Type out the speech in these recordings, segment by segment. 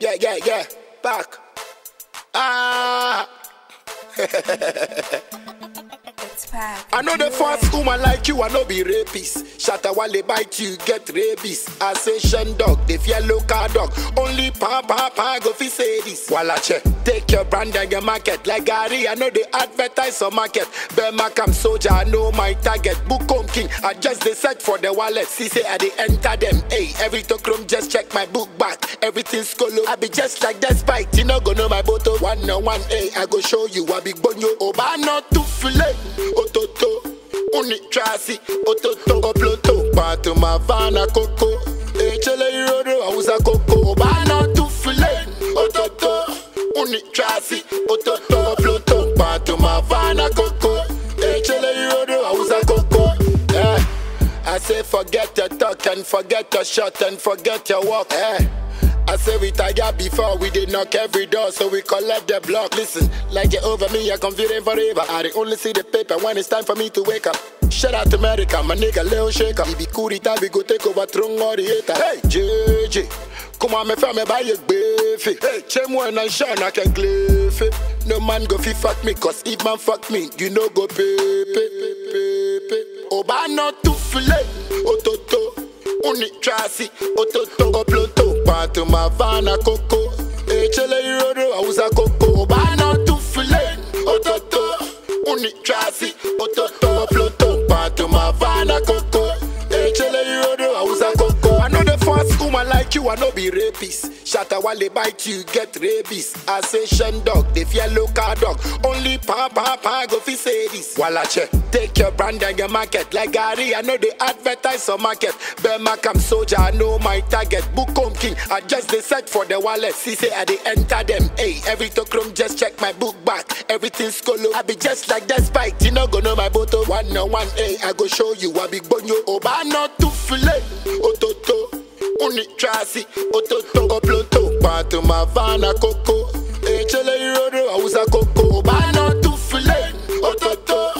yeah, yeah, yeah, back. Ah. it's back. I know the first woman like you, I know be rapist. Shatter while they bite you, get rabies. Assassin dog, the yellow car dog. Only pa pa pa go fi say this. Walla check. Take your brand and your market. Like Gary, I know they advertise on market. Belmac, I'm soldier, I know my target. Book Bukom King, I just they set for the wallet. See, say, I they enter them. Hey, every tokrom just check my book back. Everything's colo. I be just like that spike. You know, go know my bottle. One on one, hey, I go show you. I be bonyo. I'm not to fillet. Ototo. Unitrasi. Ototo. my Patuma, vana, coco. Eh, I say forget your talk and forget your shot and forget your walk eh, I say we tired before we did knock every door, so we collect the block. Listen, like you over me, I confident forever. I only see the paper when it's time for me to wake up. Shout out to America, my nigga Leo Shaker. If you cool it we go take over throne or the hater. Hey, JJ, come on, me family, me buy your baby. Hey, chem when I shine, I can cliff it. No man go fi fuck me, cause if man fuck me, you no go pay, pay, pay, pay, pay. Oba no tu filet, ototo, uni trasi, ototo, oploto, pato ma vana coco. Hey, chele irodo, I was a coco. Oba oh, no tu filet, ototo, uni trasi, like you, I no be rapist. Shatter while they bite you, get rabies. Assassin dog, the fear local dog. Only pa pa pa go fi say this. Walache, take your brand and your market. Like Gary, I know they advertise on market. Bema come soldier, I know my target. Bukom king, I just they set for the wallet. See say I they enter them. Hey, every tokrom just check my book back. Everything's colo. I be just like that spike. You know go know my bottle. One on one, hey, I go show you. I be bonyo. Oba not to fillet. Unique Tracy, Ototongo Ploto, Pato Mavana Coco, Echele eh, Irodo, Ausa Coco, Bano Tufile, Ototo,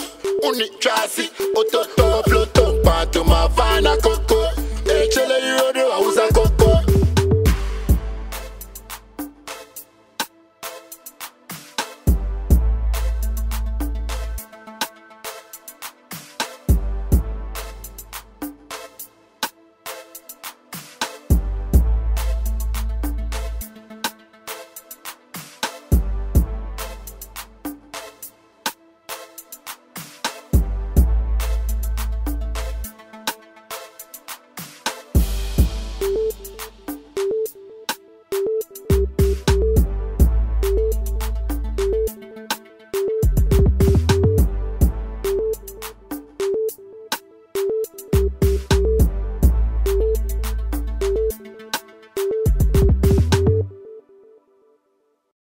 Unique Tracy, Ototongo Ploto.